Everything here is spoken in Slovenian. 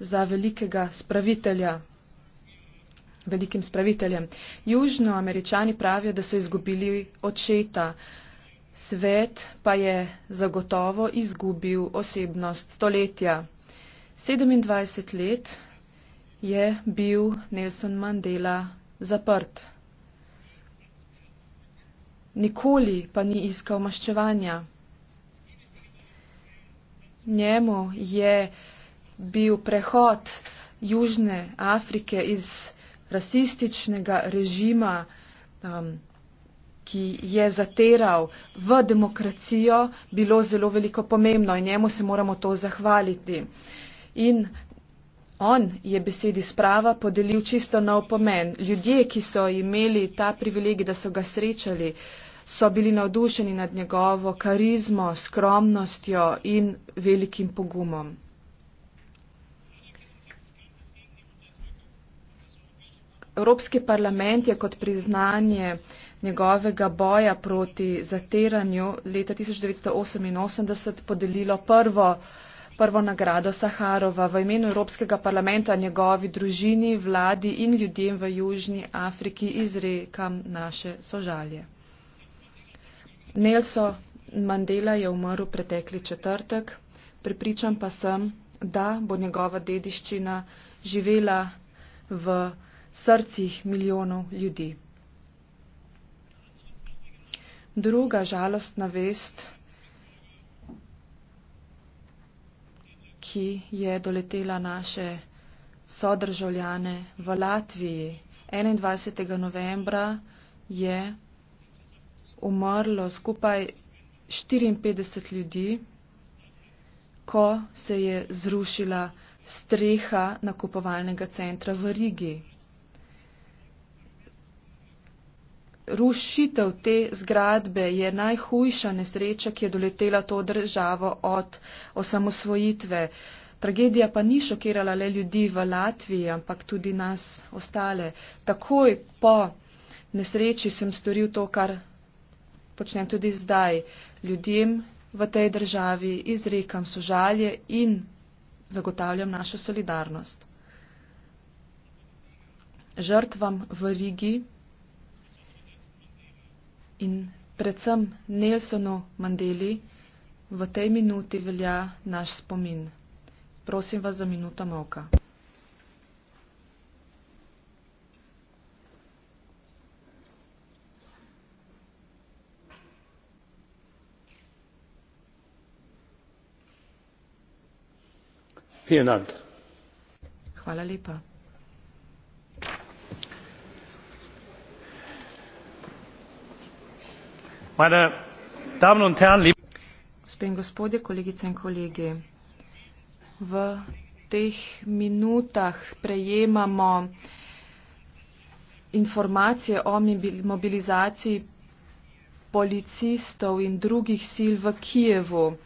za velikega spravitelja, velikim spraviteljem. Južnoameričani pravijo, da so izgubili očeta, svet pa je zagotovo izgubil osebnost stoletja. 27 let je bil Nelson Mandela zaprt. Nikoli pa ni iskal maščevanja. Njemu je bil prehod Južne Afrike iz rasističnega režima, um, ki je zateral v demokracijo, bilo zelo veliko pomembno in njemu se moramo to zahvaliti. In On je besedi sprava podelil čisto nov pomen. Ljudje, ki so imeli ta privilegij, da so ga srečali, so bili navdušeni nad njegovo karizmo, skromnostjo in velikim pogumom. Evropski parlament je kot priznanje njegovega boja proti zatiranju leta 1988 podelilo prvo, prvo nagrado Saharova v imenu Evropskega parlamenta njegovi družini, vladi in ljudem v Južni Afriki izrekam naše sožalje. Nelson Mandela je umrl pretekli četrtek, pripričan pa sem, da bo njegova dediščina živela v srcih milijonov ljudi. Druga žalostna vest, ki je doletela naše sodržavljane v Latviji 21. novembra, je umrlo skupaj 54 ljudi, ko se je zrušila streha nakupovalnega centra v Rigi. rušitev te zgradbe je najhujša nesreča, ki je doletela to državo od osamosvojitve. Tragedija pa ni šokirala le ljudi v Latviji, ampak tudi nas ostale. Takoj po nesreči sem storil to, kar počnem tudi zdaj. Ljudem v tej državi izrekam sožalje in zagotavljam našo solidarnost. Žrtvam v Rigi in predvsem Nelsonu Mandeli v tej minuti velja naš spomin. Prosim vas za minuto molka. Hvala lepa. meine Damen und Herren, liebe Gospe in gospodje, kolegice in kolegi, v teh minutah prejemamo informacije o mobilizaciji policistov in drugih sil v Kijevu.